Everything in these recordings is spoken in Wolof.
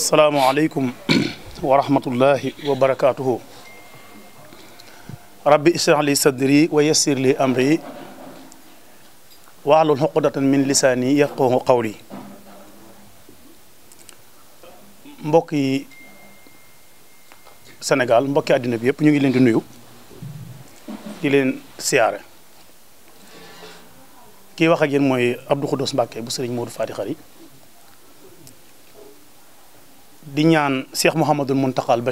السلام عليكم ورحمة الله وبركاته ربي اشرح لي صدري ويسر لي أمري وعلى حقدة من لساني يفقه قولي مبكي سنغال مبكي أدنى بيب نيجي لين دنيو دي لين سيارة كي واخا جين موي عبد القدوس مبكي بو سيرن مودو فاتي خري di ñaan Cheikh Mouhamadul Mountakha al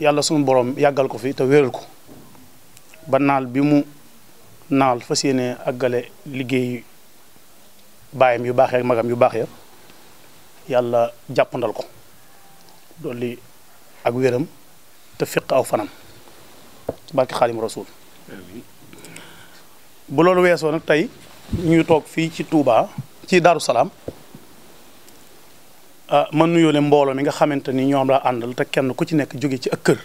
yàlla sunu borom yàggal ko fi te wéral ko ba naal bi mu naal fa yéene àggale liggéey baayam yu baaxee magam yu baax yàlla jàppandal ko dolli ak wéram te fiq aw fanam barki xaalim rasul bu loolu weesoo nag tey ñu toog fii ci tuubaa ci Daaru Salaam Ah, ma nuyoo leen mbooloo mi nga xamante ni ñoom laa àndal te kenn ku ci nekk jóge ci ak kër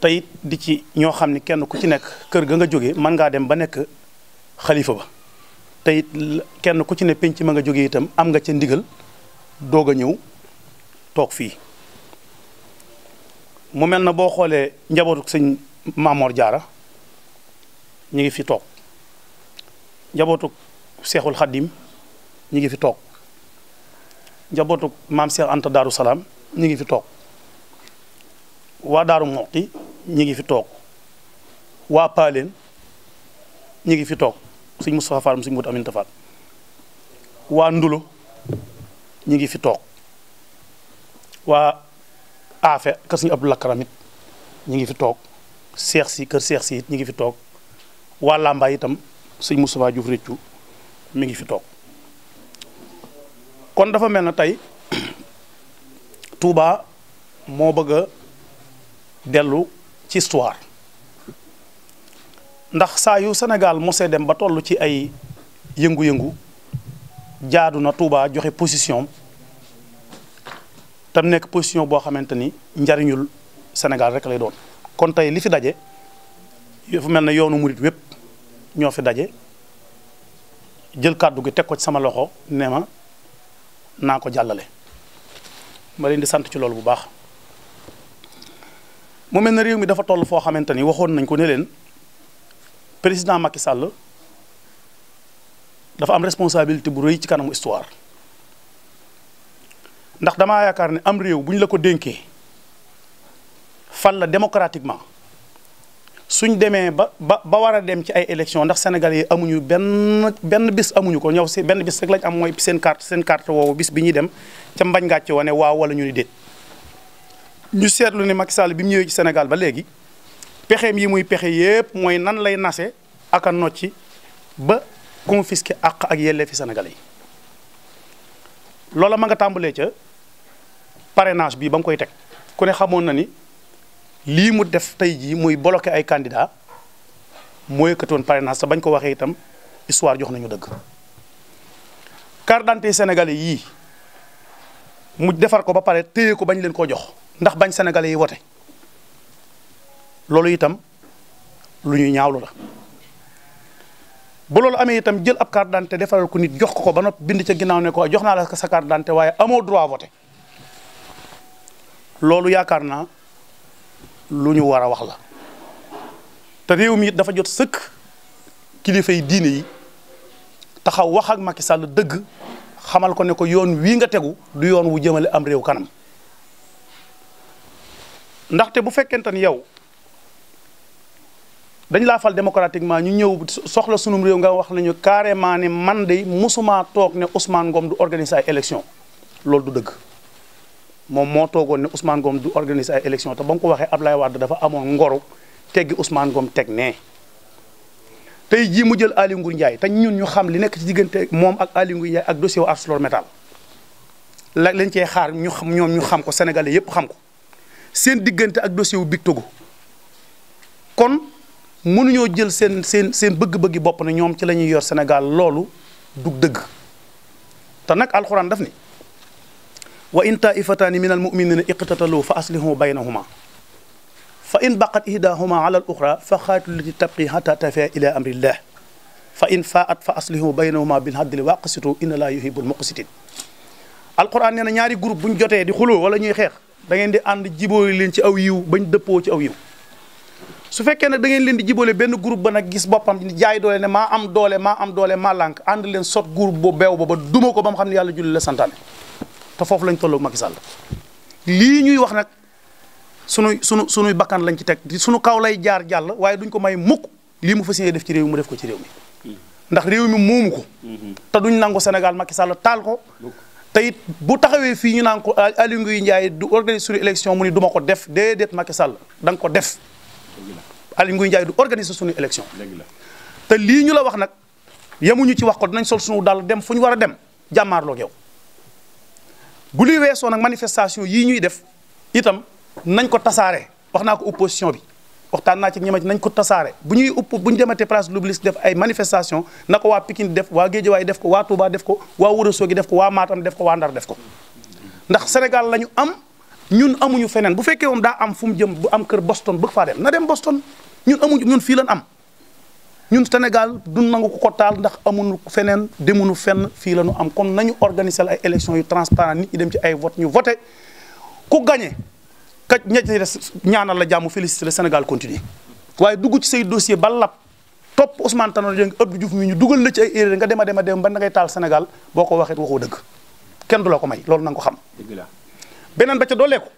teyit di ci ñoo xam ni kenn ku ci nekk kër ga nga jóge mën ngaa dem ba nekk xalifa ba teyit kenn ku ci ne penc ma nga jóge itam am nga ca ndigal doog a ñëw toog fii mu mel na boo xoolee njabootu sëñ Maamoor Jaara ñu ngi fi toog njabootu Seexul Xaddim ñi ngi fi tok njabotu mam Cheikh Anta daru salam ñi ngi fi tok wa daru Moxti ñi ngi fi tok wa palen ñi ngi fi tok seigne mustapha Fall seigne Mout Aminta Fall Ndulo ñi ngi fi tok wa Afe ke seigne Abdou lakramit ñi ngi fi tok cheikh si keur cheikh si ñi ngi fi tok wa lamba itam seigne mustapha Diouf mi ngi fi tok kon dafa tuba tay delu Touba mo bëgg delu ci histoire ndax sa yu jadu natuba dem ba tollu ci ay yëngu-yëngu jaadu na Touba joxe position tam nek position bo xamanteni ni njariñul senegal rek lay doon kon tay li fi daje fu mel yoonu murit wépp ño fi dajé jël kaddu gi tek ko ci sama loxo ne naa ko jàllale ma leen di sant ci loolu bu baax mu mel ne réew mi dafa toll foo xamante ni waxoon nañ ko ne leen président Macky Sall dafa am responsabilité bu rëy ci kanamu histoire ndax damaa yaakaar ni am réew bu ñu la ko dénkee fal la démocratiquement suñ demee ba ba ba war a dem ci ay élection ndax sénégal yi amuñu benn benn bis amuñu ko ñëw si benn bis rek lañ am mooy seen carte seen carte woowu bis bi ñuy dem ca mbañ gàcce wane waaw wala ñu ni déet ñu seetlu ne Macky Sall bi mu ñëwee ci Sénégal ba léegi pexeem yi muy pexe yépp mooy nan lay nase ak a nocci ba confisquer àq ak yelleefi sénégalais yi loola ma nga tàmbalee ca parenage bi ba mu koy teg ku ne xamoon na ni lii mu def tey jii muy bloqué ay candidat moo yëkkatoon parrainage sa bañ ko waxee itam histoire jox nañu dëgg carte d'identité sénégalais yii mu defar ko ba pare téye ko bañ leen ko jox ndax bañ sénégalais yi wote loolu itam lu ñuy ñaawlu la bu loolu amee itam jël ab carte d'identité defaral ko nit jox ko ko ba noppi bind ca ginnaaw ne ko jox naa la sa carte d'identité waaye amoo droit voté loolu yaakaar naa lu ñu war a wax la te réew mi dafa jot sëkk kilifa yi diine yi taxaw wax ak Macky Sall dëgg xamal ko ne ko yoon wii nga tegu du yoon wu jëmale am réew kanam ndaxte bu fekkente ni yow dañ laa fal démocratiquement ñu ñëw soxla sunum réew nga wax nañu carrément ne man dey musuma toog ne Ousmane Ngom du organiser ay loolu du dëgg moom moo toogoon ne Ousmane Ngom du organiser ay élection te ba nga ko waxee Ablaye Wade dafa amoon ngoru teggi Ousmane Ngom teg nee tey jii mu jël Aly Ngouille Ndiaye te ñun ñu xam li nekk ci diggante moom ak Aly Ngouille Ndiaye ak dossier wu ArcelorMittal la lañ cee xaar ñu xam ñoom ñu xam ko sénégalais yépp xam ko seen diggante ak dossier wu Big Togo kon mënuñoo jël seen seen seen bëgg-bëggi bopp na ñoom ci lañuy yor senegal loolu dug dëgg te nag alxuraan daf ni وإن طائفتان من المؤمنين اقتتلوا فأصلحوا بينهما فإن بقت إحداهما على الأخرى فخاتل التي تبقي حتى تفيء إلى أمر الله فإن فاءت فأصلحوا بينهما بالعدل واقسطوا إن لا يحب المقسطين القرآن نانا نياري غروب بون جوتي دي خلو ولا ني خيخ دا نين دي اند جيبو لين سي او يو باج دبو سي او يو su fekkee nag da ngeen leen di jibóole benn groupe ba nag gis boppam jaay doole ne maa am doole ma am doole maa lànk ànd leen sot groupe bu beew booba duma ko ba mu yàlla julli la santaane te foofu lañ tolloog Macky Sall lii ñuy wax nag sunuy sunu sunuy bakkan lañ ci teg sunu kaw lay jaar jàll waaye duñ ko may mukk lii mu fas yéene def ci réew mu def ko ci réew mi ndax réew mi moomu ko te duñ nangu Sénégal makki Sall taal ko te bu taxawee fii ñu naan ko Aliou Ngouye Ndiaye du organiser suñu élection mu ni duma ko def déedéet Macky Sall da nga ko def Aliou Ngouye Ndiaye du organiser suñu élection te lii ñu la wax nag yemuñu ci wax ko dinañ sol suñu dal dem fu ñu war a dem jàmmaarloog yow bu li weesoo nag manifestation yii ñuy def itam nañ ko tasaare wax naa ko opposition bi waxtaan naa ci ñi nañ ko tasaare bu ñuy upp bu ñu dematee place de l'Obélisque def ay manifestation na ko waa Pikine def waa Guédiawaye def ko waa Touba def ko waa Ourossogui def ko waa Matam def ko waa Ndar def ko ndax Sénégal lañu am ñun amuñu feneen bu fekkee moom daa am fu mu jëm bu am kër Boston bëgg faa dem na dem Boston ñun amuñu ñun fii lan am ñun Sénégal du nangu ko ko taal ndax amuñu feneen nu fenn fii la nu am kon nañu organiser ay élections yu transparent nit ñi dem ci ay vote ñu voté ku gagné ka ña nal la jàmm félicité le Sénégal continue waaye dugg ci say dossier ba lap topp Ousmane Tanor Dieng Abdou Diouf mi ñu dugal na ci ay erreur nga dem a dem a dem ba nangay taal Sénégal boo ko waxee waxoo dëgg kenn du la ko may loolu na ko xam. la beneen ba ca dooleeku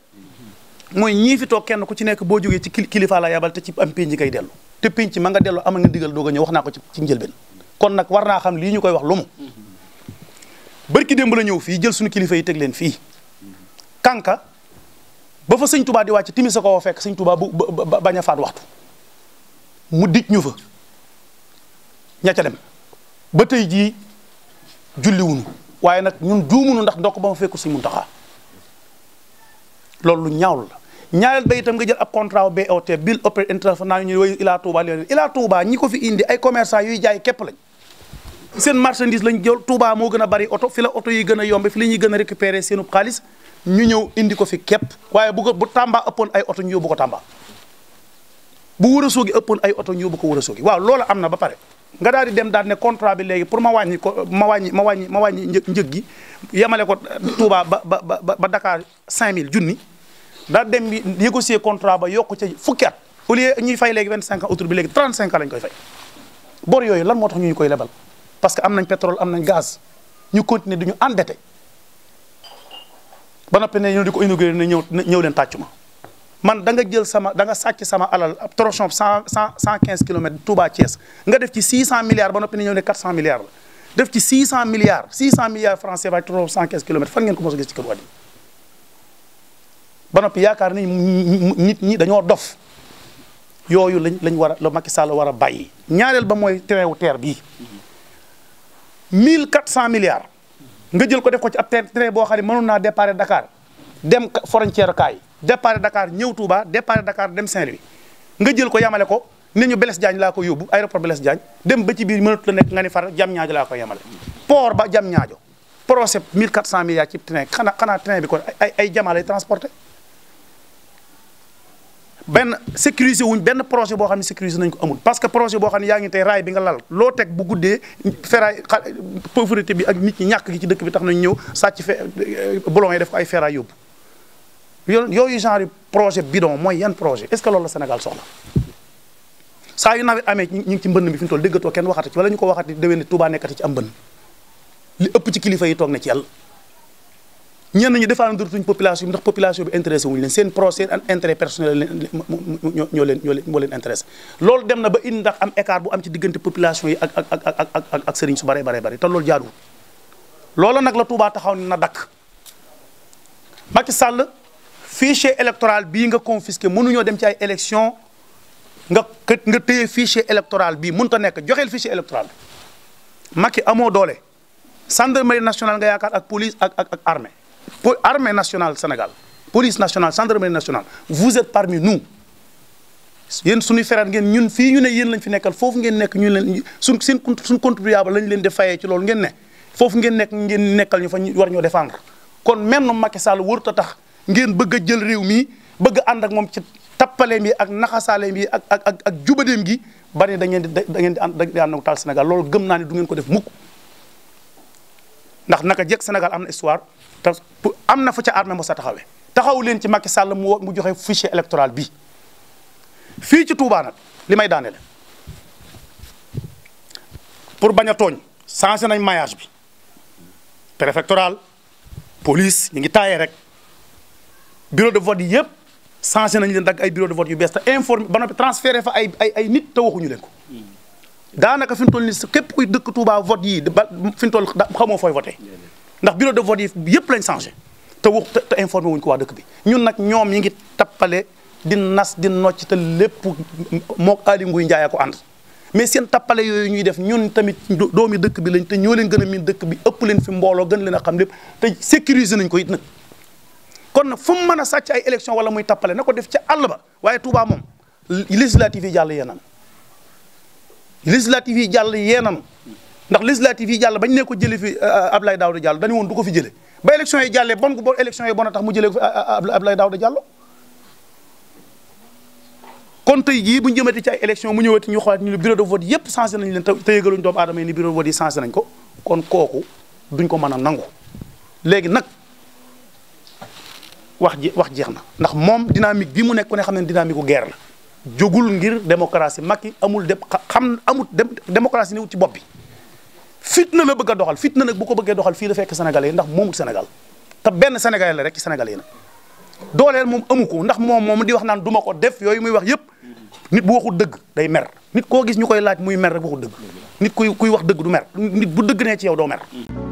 mooy ñii fi kenn ku ci nekk boo jógee ci kilifa la yabal te ci am pénc ngay dellu te pénc ma nga dellu amal nga digal doog a ñëw wax naa ko ci njëlbeen kon nag war naa xam lii ñu koy wax lu mu barki démb la ñëw fii jël suñu kilifa yi teg leen fii kànka ba fa sëñ tubaa di wàcc timis sa ko fekk sëñ tubaa bu bañ a faat waxtu mu dij ñu fa ña dem ba tey jii julliwunu waaye nag ñun duumunu ndax ndokk ba ma fekku sëñ Muntaxa loolu lu la ñaareel ba itam nga jël ab contrat BOT bill opérateur international ñu woyu Ila Touba leen Ila Touba ñi ko fi indi ay commerçant yuy jaay képp lañ seen marchandise lañ jël Touba moo gën a bari oto fi la oto yi gën a yombe fi la ñuy gën a récupérer seenub xaalis ñu ñëw indi ko fi képp waaye bu ko bu Tamba ëppoon ay oto ñu yóbbu ko Tamba bu Ourossogui ëppoon ay oto ñu yóbbu ko Ourossogui waaw loolu am na ba pare nga daal di dem daal ne contrat bi léegi pour ma wàññi ko ma wàññi ma wàññi ma wàññi njëg gi yemale ko Touba ba ba ba Dakar 5000 junni daa dem bi négocier contrat ba yokk ca fukki at au lieu ñuy fay léegi 25 ans autour bi léegi 35 ans lañ koy fay bor yooyu lan moo tax ñu ñu koy lebal parce que am nañ pétrole am nañ gaz ñu continuer du ñu endetté ba noppi ne ñëw di ko man da jël sama da nga sama alal ab tronçon cent cent quinze kilomètres Touba nga def ci 600 milliards ba noppi ne ñëw ne 400 milliards def ci 600 cent quinze kilomètres fan ngeen ba noppi yaakaar ni nit ñi dañoo dof yooyu lañ lañ war a la Macky Sall war a bàyyi ñaareel ba mooy train wu terre bii 1400 milliards nga jël ko def ko ci ab train boo xam ne mënoon naa départ Dakar dem frontière kaay départ Dakar ñëw Touba départ Dakar dem Saint-Louis nga jël ko yamale ko ne ñu Blaise Diagne laa ko yóbbu aéroport Blaise Diagne ba ci biir mënatu la nekk nga ni ko yamale port ba jam ñaajo procès 1400 milliards xanaa xanaa bi kon ay ay jamaa lay transporté benn sécuriser wu benn projet boo xam ne sécuriser nañ ko amul parce que projet boo xam ni yaa ngi tey raay bi nga lal loo teg bu guddee ferraille pauvreté bi ak nit ñi ñàkk gi ci dëkk bi tax nañ ñëw sàcc fe euh, euh, bolon yi def ko ay ferraille yóbbu yooyu genre projet bidon mooy yan projet est-ce que loolu la Sénégal soxla saa yu nawet amee ñu ngi ci mbënn bi fi mu toll déggatoo kenn waxati ci wala ñu ko waxati déwén ne Touba nekkati ci am mbënn li ëpp ci kilifa yi toog na ci yàlla ñenn ñi défendre tuñ population bi ndax population bi intéressé wuñu leen seen procès ak intérêt ñoo leen ñoo leen moo intéressé loolu dem na ba indi ndax am écart bu am ci diggante population yi ak ak ak ak ak ak sëriñ su bare bare bare te loolu jaaduwul loola nag la Touba taxaw na dakk Macky Sall fichier électoral bii nga confisqué mënuñoo dem ci ay élection nga nga téye fichier électoral bi mun ta nekk joxeel fichier électoral Macky amoo doole gendarmerie nationale nga yaakaar ak police ak ak ak armée pour armée nationale Sénégal police nationale gendarmerie nationale vous êtes parmi nous yéen suñuy frère ngeen ñun fii ñu ne yéen lañ fi nekkal foofu ngeen nekk ñu leen suñ seen suñ contribuable lañ leen di fayee ci loolu ngeen ne foofu ngeen nekk ngeen nekkal ñu fa war ñoo défendre kon même Macky Sall warut a tax ngeen bëgg jël réew mi bëgg a ànd ak moom ci tappaleem yi ak naxasaaleem yi ak ak ak jubadeem gi bari da ngeen di da ngeen di ànd di ànd ak taal Sénégal loolu gëm naa ne du ngeen ko def mukk ndax naka jekk Sénégal am na histoire te am na fu ca armée mos sa taxawee taxaw leen ci makki Sall mu mu joxe fichier électoral bi fii ci Touba nag li may daanele pour bañ a tooñ changé nañ maillage bi préfectoral police ñu ngi taayee rek bureau de vote yi yëpp changé nañ leen dagg ay bureau de vote yu bees te informé ba noppi fa ay ay ay nit te waxuñu leen ko. daanaka fi mu toll nii képp kuy dëkk Touba vote yii ba fi toll xamoo fooy voté ndax bureau de vote yi yëpp lañ changé te wax te wuñ ko waa dëkk bi ñun nag ñoom yi ngi tappale di nas di nocc ta lépp mook Aly Ngouille Ndiaye ko ànd mais seen tappale yooyu ñuy def ñun tamit doomi dëkk bi lañ te ñoo leen gën a miin dëkk bi ëpp leen fi mbooloo gën leen a xam lépp te sécuriser nañ ko it nag kon nag fu mu mën a sàcc ay élection wala muy tappale na ko def ca àll ba waaye Touba moom législative yi jàll yeenam législative yi jàll yeenan ndax législative yi jàll bañ ne ko jëlee fi euh, euh, Abdoulaye Daouda Diallo dañu woon du ko fi jëlee ba élection yi jàlle bon bo élection yi bon a tax mu jëlee ko fi euh, Abdoulaye Daouda Diallo kon tey jii bu ñu ci ay élection mu ñëwati ñu xoolaat ñu ne bureau de vote yëpp changé nañ leen te yëgaluñ doomu aadama yi ni bureau de vote yi changé nañ ko kon kooku duñ ko mën a nangu léegi nag wax ji wax jeex na ndax moom dynamique bi mu nekk ku ne xam ne dynamique gu la jógul ngir démocratie Macky amul dem xam amul démocratie niwut ci bopp bi fitna la bëgg a doxal fitna nag bu ko bëggee doxal fii la fekk sénégalais yi ndax moomul Sénégal te benn sénégalais la rek ci yi nag dooleel moom amu ko ndax moom moom di wax naan du ma ko def yooyu muy wax yëpp nit bu waxul dëgg day mer nit koo gis ñu koy laaj muy mer rek waxul dëgg nit kuy kuy wax dëgg du mer nit bu dëgg nee ci yow doo mer